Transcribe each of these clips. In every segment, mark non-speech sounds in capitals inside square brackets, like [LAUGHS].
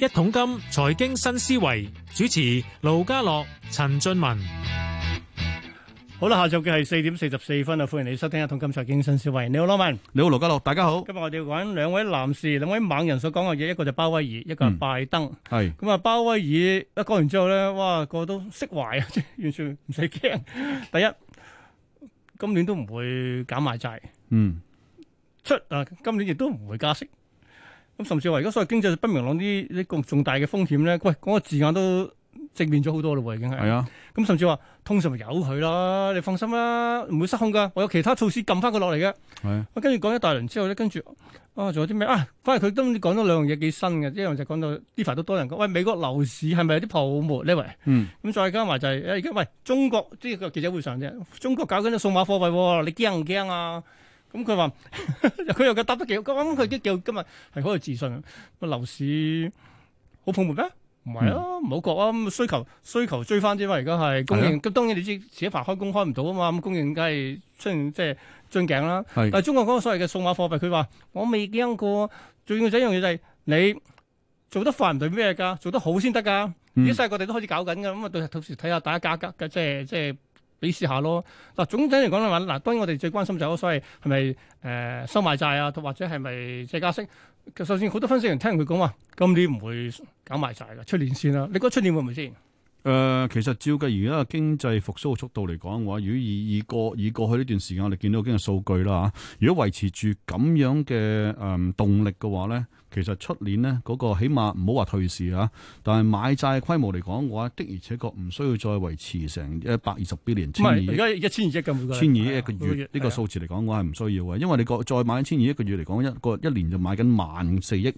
一桶金財經新思維主持盧家樂、陳俊文，好啦，下晝嘅係四點四十四分啊！歡迎你收聽一桶金財經新思維。你好羅文，你好盧家樂，大家好。今日我哋要揾兩位男士，兩位猛人所講嘅嘢，一個就鮑威爾，一個係拜登。係咁啊！鮑威爾一講完之後咧，哇，個個都釋懷啊，即係完全唔使驚。第一，今年都唔會減買債，嗯，出啊，今年亦都唔會加息。咁甚至話，而家所謂經濟不明朗啲呢個重大嘅風險咧，喂，嗰個字眼都正面咗好多咯喎，已經係。係啊。咁甚至話，通常由佢啦，你放心啦，唔會失控噶，我有其他措施撳翻佢落嚟嘅。係、啊。跟住講一大輪之後咧，跟住啊，仲有啲咩啊？反而佢都講咗兩樣嘢幾新嘅，一樣就講到呢排都多人講，喂，美國樓市係咪有啲泡沫呢？喂！你」咁、嗯、再加埋就係誒而家喂，中國即係個記者會上啫，中國搞緊個數碼貨幣喎，你驚唔驚啊？咁佢話，佢、嗯、又夠答得幾好，咁佢啲叫今日係好有自信。個樓市好泡沫咩？唔係啊，唔好講啊。咁、嗯、需求需求追翻啲嘛？而家係供應，咁、啊、當然你知前一排開工開唔到啊嘛。咁供應梗係出現即係樽頸啦。的但係中國嗰個所謂嘅數碼貨幣，佢話我未驚過。最緊要一樣嘢就係、是、你做得快唔對咩㗎？做得好先得㗎。呢細個哋都開始搞緊㗎，咁啊，到時睇下大家價格嘅即係即係。即你試下咯。嗱，總體嚟講嘅話，嗱，當然我哋最關心就係所謂係咪誒收買債啊，或者係咪借加息？首先好多分析人聽佢講話，今年唔會搞買債嘅出年先啦。你覺得出年會唔會先？誒、呃，其實照計而家嘅經濟復甦嘅速度嚟講嘅話，如果以以過以過去呢段時間我哋見到嘅數據啦吓，如果維持住咁樣嘅誒、呃、動力嘅話咧，其實出年呢嗰、那個起碼唔好話退市啊。但係買債嘅規模嚟講嘅話，的而且確唔需要再維持成一百二十 billion。唔係，而家一千二億，咁千二億一個月呢個數字嚟講嘅話係唔需要嘅，啊、因為你個再買一千二億一個月嚟講，一個一年就買緊萬四億。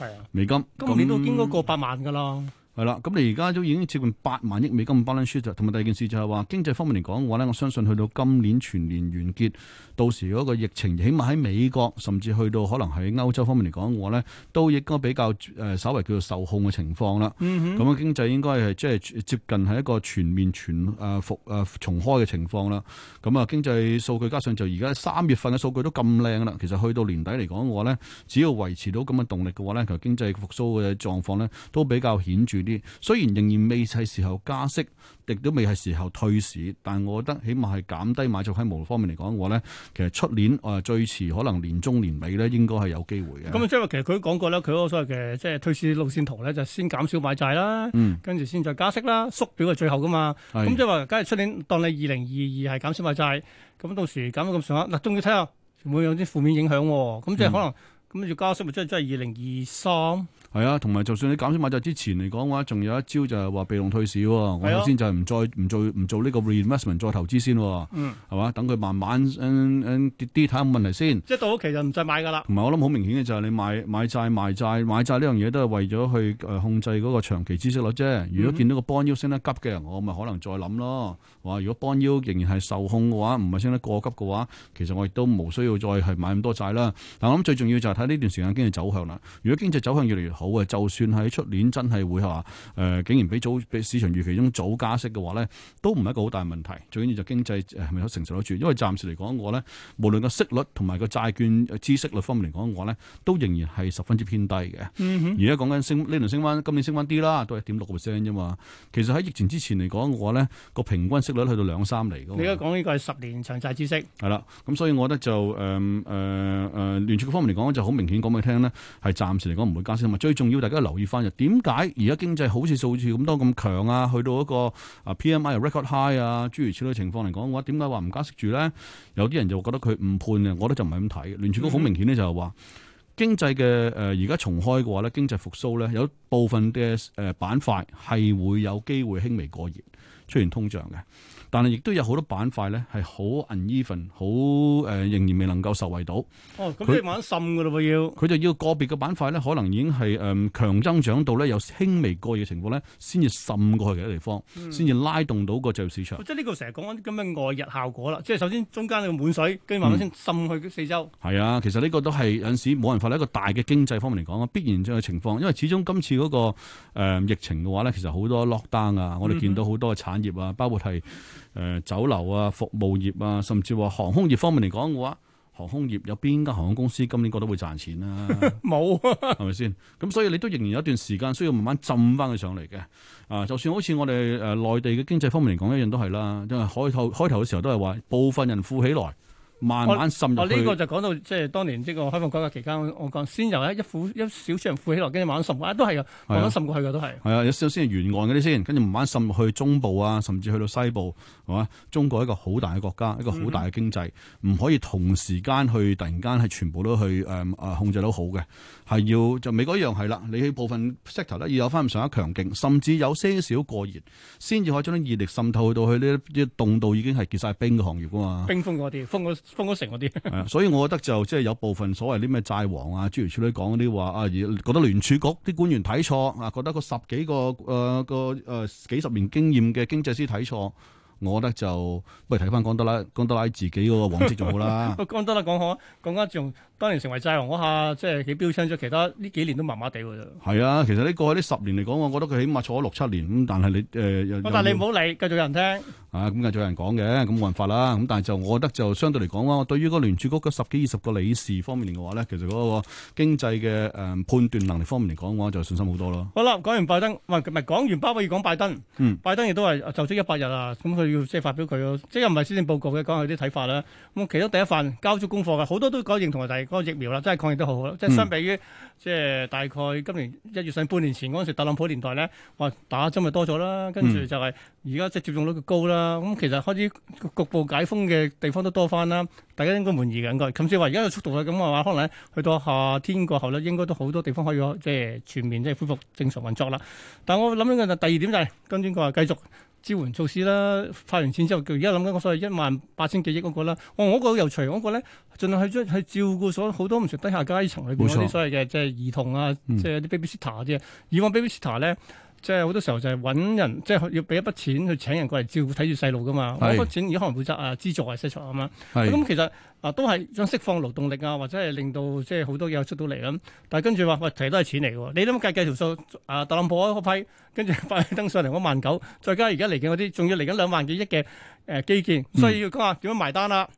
係啊，美金今年都經過百萬噶啦。係啦，咁你而家都已經接近八萬億美金嘅 balance sheet，同埋第二件事就係話經濟方面嚟講嘅話咧，我相信去到今年全年完結，到時嗰個疫情，起碼喺美國，甚至去到可能喺歐洲方面嚟講嘅話咧，都應該比較誒、呃、稍微叫做受控嘅情況啦。咁啊、嗯哼，經濟應該係即係接近係一個全面全誒、啊、復誒、啊、重開嘅情況啦。咁啊，經濟數據加上就而家三月份嘅數據都咁靚啦，其實去到年底嚟講嘅話咧，只要維持到咁嘅動力嘅話咧，其實經濟復甦嘅狀況咧都比較顯著。啲，雖然仍然未係時候加息，亦都未係時候退市，但我覺得起碼係減低買積喺無路方面嚟講嘅話咧，其實出年啊、呃、最遲可能年中年尾咧應該係有機會嘅。咁即係話其實佢都講過咧，佢嗰個所謂嘅即係退市路線圖咧，就是、先減少買債啦，嗯、跟住先再加息啦，縮表係最後㗎嘛。咁即係話，假如出年當你二零二二係減少買債，咁到時減咗咁上下，嗱仲要睇下會唔會有啲負面影響喎、啊？咁即係可能、嗯。咁要加息咪真係即係二零二三？係啊，同埋就算你減少買債之前嚟講嘅話，仲有一招就係話被動退市喎。啊、我首先就係唔再唔做唔做呢個 reinvestment 再投資先喎。係嘛？等佢、嗯、慢慢嗯跌跌睇下有冇問題先。即係到期就唔使買㗎啦。同埋我諗好明顯嘅就係、是、你買買債賣債買債呢樣嘢都係為咗去誒控制嗰個長期孳息率啫。如果見到個 bond yield 升得急嘅人，我咪可能再諗咯。話、呃！如果 bond yield 仍然係受控嘅話，唔係升得過急嘅話，其實我亦都冇需要再係買咁多債啦。但我諗最重要就係睇呢段時間經濟走向啦，如果經濟走向越嚟越好嘅，就算喺出年真係會話誒、呃，竟然比早比市場預期中早加息嘅話咧，都唔係一個好大問題。最緊要就經濟誒係咪可承受得住？因為暫時嚟講，我咧無論個息率同埋個債券孳息率方面嚟講，我咧都仍然係十分之偏低嘅。嗯、哼而家講緊升呢輪升翻，今年升翻啲啦，都一點六個 percent 啫嘛。其實喺疫情之前嚟講嘅話咧，個平均息率去到兩三釐嘅。你而家講呢個係十年長債孳息。係啦，咁、嗯、所以我覺得就誒誒誒聯儲局方面嚟講就好。呃呃呃呃呃嗯呃呃明顯講俾你聽咧，係暫時嚟講唔會加息，同埋最重要，大家留意翻就點解而家經濟好似數字咁多咁強啊？去到一個啊 PMI record high 啊，諸如此類情況嚟講嘅話，點解話唔加息住咧？有啲人就覺得佢誤判嘅，我咧就唔係咁睇。聯儲局好明顯咧就係話經濟嘅誒，呃、而家重開嘅話咧，經濟復蘇咧有部分嘅誒板塊係會有機會輕微過熱，出現通脹嘅。但係亦都有好多板塊咧，係好 uneven，好誒仍然未能夠受惠到。哦，咁佢慢慢滲㗎咯喎要。佢就要個別嘅板塊咧，可能已經係誒強增長到咧有輕微過熱嘅情況咧，先至滲過去其他地方，先至拉動到個就業市場。即係呢個成日講緊咁嘅外溢效果啦。即係首先中間嘅滿水，跟住慢慢先滲去四周。係啊，其實呢個都係有陣時冇辦法一個大嘅經濟方面嚟講啊，必然嘅情況。因為始終今次嗰個疫情嘅話咧，其實好多 lock down 啊，我哋見到好多嘅產業啊，包括係，誒、呃、酒樓啊、服務業啊，甚至話航空業方面嚟講嘅話，航空業有邊間航空公司今年覺得會賺錢啊？冇 [LAUGHS] 有、啊，係咪先？咁所以你都仍然有一段時間需要慢慢浸翻佢上嚟嘅。啊，就算好似我哋誒內地嘅經濟方面嚟講一樣都係啦，因為開頭開頭嘅時候都係話部分人富起來。慢慢滲入呢、啊啊這個就講到即係當年即係開放改革期間，我講先由一一股一小撮人富起來，跟住慢慢滲，啊都係噶，慢慢滲過去嘅都係。係啊，有少、啊啊、先係沿岸嗰啲先，跟住慢慢滲入去中部啊，甚至去到西部，係、啊、嘛？中國一個好大嘅國家，嗯、一個好大嘅經濟，唔可以同時間去突然間係全部都去誒誒、嗯啊、控制得好嘅，係要就美國一樣係啦，你部分 sector 咧要有翻咁上下強勁，甚至有些少過熱，先至可以將啲熱力滲透去到去呢啲啲凍到已經係結晒冰嘅行業㗎嘛。冰封嗰啲，封封都城嗰啲 [LAUGHS] ，所以我覺得就即係有部分所謂啲咩債王啊、諸如處女講嗰啲話啊，覺得聯儲局啲官員睇錯啊，覺得個十幾個誒個誒幾十年經驗嘅經濟師睇錯。我覺得就不如睇翻江德拉江德拉自己嗰個往績仲好啦。不過 [LAUGHS] 江德拉講好啊，講緊仲當然成為債王嗰下，即係佢標青咗其他呢幾年都麻麻地㗎啫。係啊，其實呢過去呢十年嚟講，我覺得佢起碼坐咗六七年咁，但係你誒、呃、但你唔好理，繼續有人聽。啊，咁繼續有人講嘅，咁冇辦法啦。咁但係就我覺得就相對嚟講話，我對於嗰聯儲局嗰十幾二十個理事方面嚟講咧，其實嗰個經濟嘅誒判斷能力方面嚟講嘅話，就是、信心好多咯。好啦，講完拜登，唔係唔講完鮑威爾講拜登，嗯、拜登亦都係就職一百日啊，咁佢。即係發表佢咯，即係又唔係施政報告嘅，講下佢啲睇法啦。咁，其中第一份交咗功課嘅，好多都講認同啊。第二，講疫苗啦，真係抗疫得好好啦，嗯。即係相比於，即係大概今年一月上半年前嗰陣時，特朗普年代咧，話打針咪多咗啦，跟住就係而家即係接種率高啦。咁、嗯、其實開始局部解封嘅地方都多翻啦，大家應該滿意嘅應該。甚至話而家嘅速度啊，咁啊話可能去到夏天過後咧，應該都好多地方可以即係全面即係恢復正常運作啦。但係我諗緊嘅就第二點就係、是、跟住佢話繼續。支援措施啦，發完錢之後，佢而家諗緊嗰所謂一萬八千幾億嗰個啦。哇，我、那、嗰個又除嗰個咧，盡量去去照顧咗好多唔同低下階層，你講啲所謂嘅冇錯，即係兒童啊，嗯、即係啲 baby sitter 啲嘢。以往 baby sitter 咧。即係好多時候就係揾人，即、就、係、是、要俾一筆錢去請人過嚟照顧睇住細路噶嘛，嗰筆是錢而家可能負責啊資助啊釋出啊嘛，咁是其實啊都係想釋放勞動力啊，或者係令到即係好多嘢出到嚟咁。但係跟住話，其實都係錢嚟嘅喎，你諗計計條數啊，特朗普嗰批跟住快登上嚟嗰萬九，再加而家嚟緊嗰啲，仲要嚟緊兩萬幾億嘅誒、呃、基建，所以要講下點樣埋單啦、啊。嗯。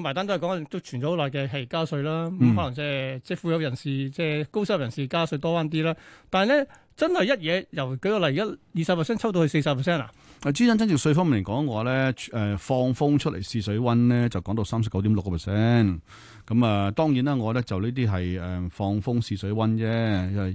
埋單都係講緊，都傳咗好耐嘅係加稅啦。咁、嗯、可能即係即係富有人士、即、就、係、是、高收入人士加稅多翻啲啦。但係咧，真係一嘢由舉個例，一二十 percent 抽到去四十 percent 啊！誒，資產增值稅方面嚟講嘅話咧，誒放風出嚟試水温咧，就講到三十九點六個 percent。咁啊，當然啦，我覺得就呢啲係誒放風試水温啫，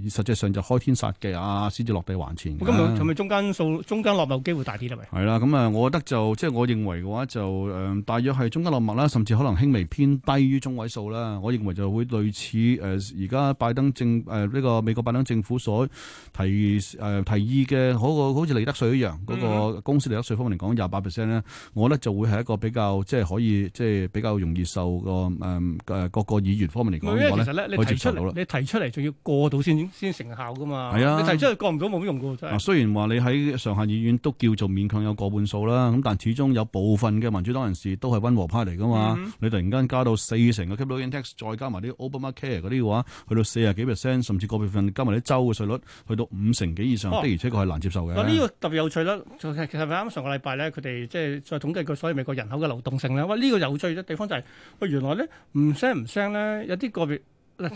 實際上就開天殺價，啊，先至落地還錢。咁係咪中間數中間落墨機會大啲啦？咪係啦，咁啊，我覺得就即係我認為嘅話就誒，大約係中間落墨啦，甚至可能輕微偏低於中位數啦。我認為就會類似誒而家拜登政誒呢個美國拜登政府所提誒提議嘅，好個好似利得稅一樣，嗰個。嗯公司利得稅方面嚟講，廿八 percent 咧，我咧就會係一個比較即係可以即係比較容易受個誒誒各個議員方面嚟講咧，其實呢可以接受到啦。你提出嚟仲要過到先先成效噶嘛？係啊，你提出嚟過唔到冇、乜、用噶、啊。雖然話你喺上下議院都叫做勉強有過半數啦，咁但始終有部分嘅民主黨人士都係溫和派嚟噶嘛。嗯、你突然間加到四成嘅 capital income tax，再加埋啲 Obama Care 嗰啲嘅話，去到四十幾 percent，甚至個別份，加埋啲州嘅稅率，去到五成幾以上，哦、的而且確係難接受嘅。呢、哦、個特別有趣啦。其實啱啱上個禮拜咧，佢哋即係再統計過所有美國人口嘅流動性咧。喂，呢、這個有趣嘅地方就係、是、喂，原來咧唔聲唔聲咧，有啲個別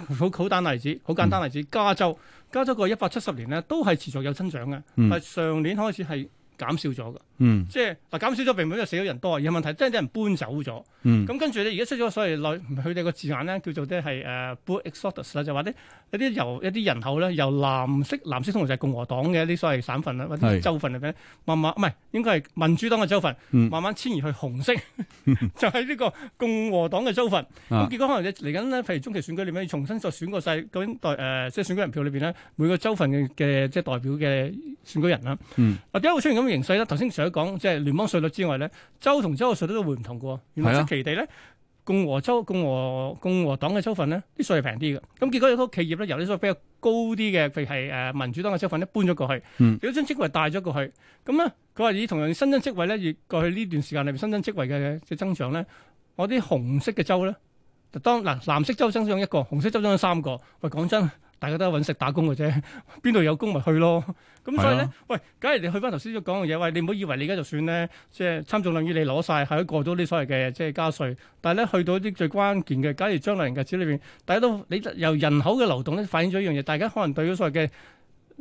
好好簡單例子，好簡單例子，嗯、加州加州過一百七十年咧都係持續有增長嘅，但係、嗯、上年開始係減少咗嘅。嗯，即係嗱，減少咗並唔代表死咗人多，而有問題都係啲人搬走咗。咁、嗯、跟住咧，而家出咗所謂內佢哋個字眼咧，叫做即係誒 Blue Exodus 就係話咧一啲由一啲人口咧由藍色藍色通常就係共和黨嘅一啲所謂省份啊或者州份入邊，是慢慢唔係應該係民主黨嘅州份、嗯、慢慢遷移去紅色，嗯、 [LAUGHS] 就係呢個共和黨嘅州份。咁、啊、結果可能嚟緊咧，譬如中期選舉，裏面，要重新再選過曬嗰啲代誒即係選舉人票裏邊咧每個州份嘅即係代表嘅選舉人啦。嗯，點解會出現咁嘅形勢咧？頭先講即係聯邦稅率之外咧，州同州嘅稅率都會唔同㗎。原來即其地咧，共和州共和共和黨嘅州份咧，啲稅係平啲嘅。咁結果有好多企業咧，由啲稅比較高啲嘅，譬如係誒民主黨嘅州份咧，搬咗過去，如果將職位帶咗過去。咁咧，佢話以同樣新增職位咧，越過去呢段時間裏邊新增職位嘅嘅增長咧，我啲紅色嘅州咧，就當嗱藍色州增長一個，紅色州增長三個。喂，講真。大家都係揾食打工嘅啫，邊度有工咪去咯。咁所以咧，啊、喂，假如你去翻頭先所講嘅嘢，喂，你唔好以為你而家就算咧，即、就、係、是、參眾兩院你攞晒，係可以過到啲所謂嘅即係加稅。但係咧，去到啲最關鍵嘅，假如將來人嘅錢裏邊，大家都你由人口嘅流動咧，反映咗一樣嘢，大家可能對嗰所謂嘅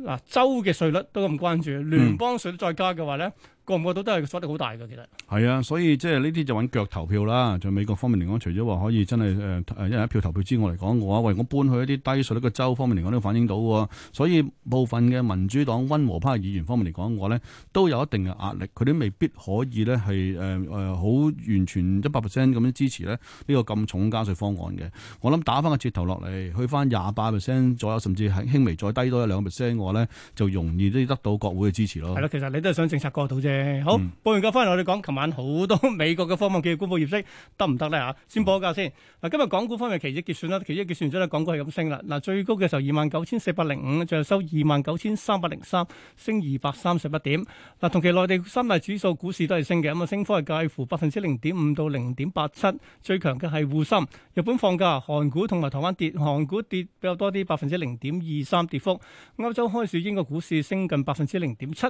嗱、啊、州嘅稅率都咁關注，聯邦稅再加嘅話咧。嗯覺唔覺到都係所得好大嘅？其實係啊，所以即係呢啲就揾腳投票啦。就美國方面嚟講，除咗話可以真係誒誒一人一票投票之外嚟講嘅話，喂，我搬去一啲低稅率嘅州方面嚟講都反映到嘅，哦。所以部分嘅民主黨溫和派議員方面嚟講嘅話咧，都有一定嘅壓力，佢都未必可以咧係誒誒好完全一百 percent 咁樣支持咧呢個咁重加稅方案嘅。我諗打翻個折頭落嚟，去翻廿八 percent 左右，甚至係輕微再低多一兩個 percent 嘅話咧，就容易都得到國會嘅支持咯。係啦，啊，其實你都係想政策過到啫。好報完價翻嚟我哋講，琴晚好多美國嘅科網企業公布業績得唔得咧吓？先報個價先。嗱，今日港股方面，期指結算啦，期指結算完之後，港股係咁升啦。嗱，最高嘅時候二萬九千四百零五，就係收二萬九千三百零三，升二百三十一點。嗱，同期內地三大指數股市都係升嘅，咁啊，升幅係介乎百分之零點五到零點八七。最強嘅係滬深。日本放假，韓股同埋台灣跌，韓股跌比較多啲，百分之零點二三跌幅。歐洲開市，英國股市升近百分之零點七，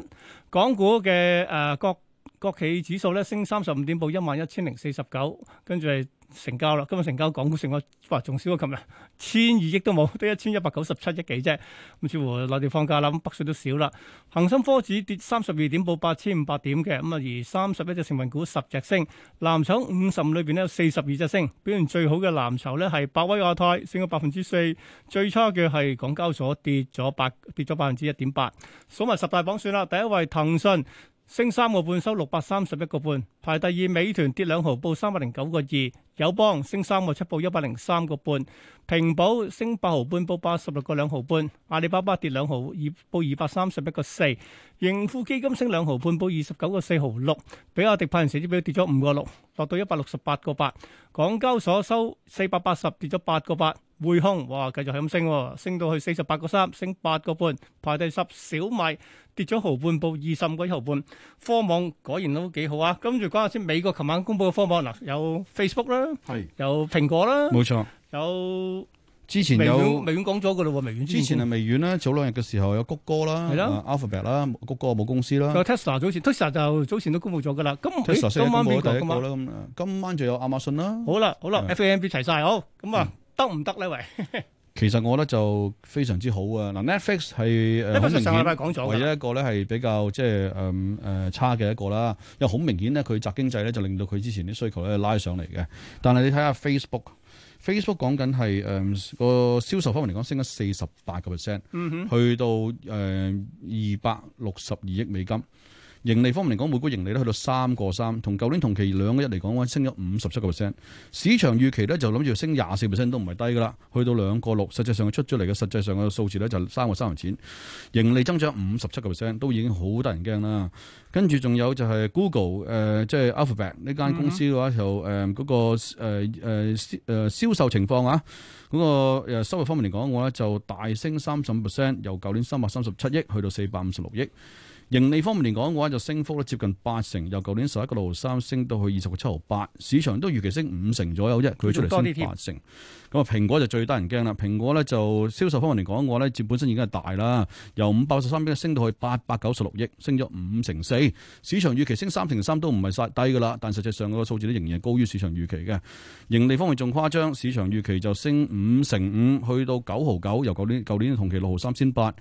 港股嘅。誒，國國、呃、企指數咧升三十五點，報一萬一千零四十九，跟住係成交啦。今日成交港股成個哇仲少過琴日，千二億,億都冇，都一千一百九十七億幾啫。咁、嗯、似乎內地放假啦，北水都少啦。恒生科指跌三十二點，報八千五百點嘅。咁啊，而三十一隻成分股十隻升，藍籌五十五裏邊咧有四十二隻升，表現最好嘅藍籌咧係百威亞太，升咗百分之四，最差嘅係港交所跌咗百跌咗百分之一點八。數埋十大榜算啦，第一位騰訊。升三個半，收六百三十一個半，排第二。美團跌兩毫，報三百零九個二。友邦升三個七，報一百零三個半。平保升八毫半，報八十六個兩毫半；阿里巴巴跌兩毫二，報二百三十一個四；盈富基金升兩毫半，報二十九個四毫六；比亞迪派人持之表跌咗五個六，落到一百六十八個八。港交所收四百八十，跌咗八個八。匯控哇，繼續咁升，升到去四十八個三，升八個半。排第十小，小米跌咗毫半，報二十五個一毫半。科網果然都幾好啊！跟住講下先，美國琴晚公布嘅科網嗱，有 Facebook 啦，係有蘋果啦，冇是錯。有之前有微軟講咗噶啦，之前係微軟啦。早兩日嘅時候有谷歌啦，alphabet 啦，的啊、Alphabet，谷歌冇公司啦。Tesla 早前，Tesla 就早前都公布咗噶啦。咁，哎、今晚邊個？今晚就有亞馬遜啦。好啦的，好啦，F M A G 齊晒好咁啊，得唔得呢？喂 [LAUGHS] ，其實我覺得就非常之好啊。嗱，Netflix 係 Netflix 上禮拜講咗，唯一一個咧係比較即係誒誒差嘅一個啦。因為好明顯咧，佢宅經濟咧就令到佢之前啲需求咧拉上嚟嘅。但係你睇下 Facebook。Facebook 講緊係誒個銷售方面嚟講，升咗四十八個 percent，嗯哼，去到誒二百六十二億美金。盈利方面嚟講，每股盈利咧去到三個三，同舊年同期兩個一嚟講話，升咗五十七個 percent。市場預期咧就諗住升廿四 percent 都唔係低噶啦，去到兩個六。實際上佢出咗嚟嘅實際上嘅數字咧就三個三毫錢，盈利增長五十七個 percent，都已經好得人驚啦。跟住仲有就係 Google 誒，即係 Alphabet 呢間公司嘅話就誒嗰個誒誒誒銷售情況啊，嗰個收入方面嚟講，我咧就大升三十五 percent，由舊年三百三十七億去到四百五十六億。盈利方面嚟講嘅話就升幅咧接近八成，由舊年十一個六毫三升到去二十個七毫八，市場都預期升五成左右啫，佢出嚟升八成。咁啊，蘋果就最得人驚啦。蘋果咧就銷售方面嚟講嘅話咧，接本身已經係大啦，由五百十三億升到去八百九十六億，升咗五成四。市場預期升三成三都唔係殺低噶啦，但實際上個數字仍然係高於市場預期嘅。盈利方面仲誇張，市場預期就升五成五，去到九毫九，由舊年舊年同期六毫三千八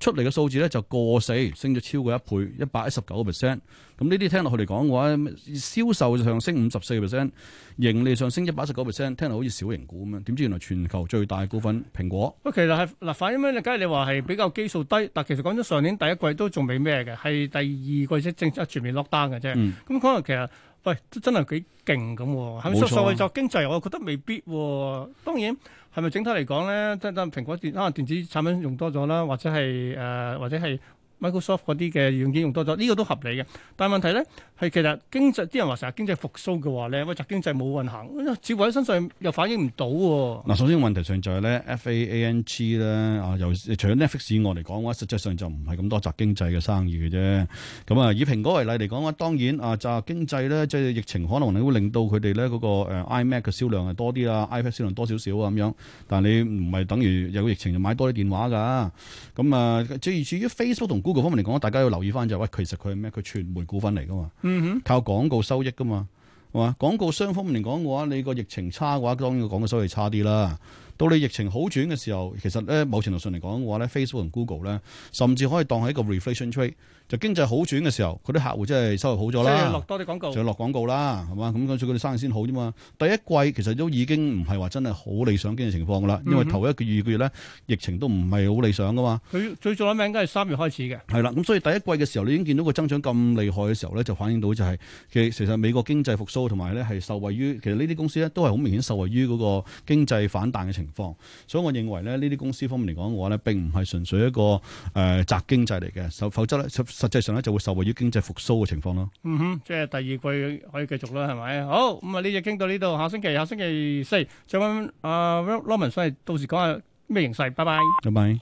出嚟嘅數字咧就過四，升咗超過。一倍一百一十九個 percent，咁呢啲聽落去嚟講嘅話，銷售上升五十四個 percent，盈利上升一百一十九 percent，聽落好似小型股咁樣，點知原來全球最大股份蘋果？咁其實係嗱，反映咩咧？梗係你話係比較基數低，但係其實講咗上年第一季都仲未咩嘅，係第二季先正式全面落單嘅啫。咁可能其實，喂，真係幾勁咁，係咪所謂作經濟？我覺得未必。當然係咪整體嚟講咧，即係蘋果電啊電子產品用多咗啦，或者係誒或者係。Microsoft 嗰啲嘅軟件用多咗，呢個都合理嘅。但係問題咧係其實經濟啲人話成日經濟復蘇嘅話咧，乜宅經濟冇運行，似乎喺身上又反映唔到喎。嗱，首先問題上就係咧，FAANG 咧啊，尤其除咗 Netflix 以外嚟講嘅話，實際上就唔係咁多宅經濟嘅生意嘅啫。咁啊，以蘋果為例嚟講嘅話，當然啊，宅經濟咧即係疫情可能你會令到佢哋咧嗰個誒 iMac 嘅銷量係多啲啦，iPad 銷量多少少啊咁樣，但係你唔係等於有疫情就買多啲電話㗎。咁啊，至於至於 Facebook 同 Google 方面嚟講，大家要留意返就係、是，喂，其實佢係咩？佢傳媒股份嚟㗎嘛，嗯、哼靠廣告收益㗎嘛，係嘛？廣告商方面嚟講嘅話，你個疫情差嘅話，當然個廣告收益差啲啦。到你疫情好轉嘅時候，其實咧某程度上嚟講嘅話咧，Facebook 同 Google 咧，甚至可以當係一個 reflation trade。就經濟好轉嘅時候，佢啲客戶真係收入好咗啦，落多啲廣告，就落廣告啦，係嘛？咁跟住佢哋生意先好啫嘛。第一季其實都已經唔係話真係好理想經濟情況噶啦，因為頭一個二個月咧，疫情都唔係好理想噶嘛。佢、嗯、哼最早攞名應該係三月開始嘅。係啦，咁所以第一季嘅時候，你已經見到個增長咁厲害嘅時候咧，就反映到就係、其實、其,其實美國經濟復甦同埋咧係受惠於，其實呢啲公司咧都係好明顯受惠於嗰個經濟反彈嘅情況。情況，所以我認為咧，呢啲公司方面嚟講嘅話咧，並唔係純粹一個誒宅、呃、經濟嚟嘅，否否則咧實實際上咧就會受惠於經濟復甦嘅情況咯。嗯哼，即係第二季可以繼續啦，係咪？好咁啊，呢隻傾到呢度，下星期下星期四再問阿 Robert Norman 先到時講下咩形勢。拜拜，拜拜。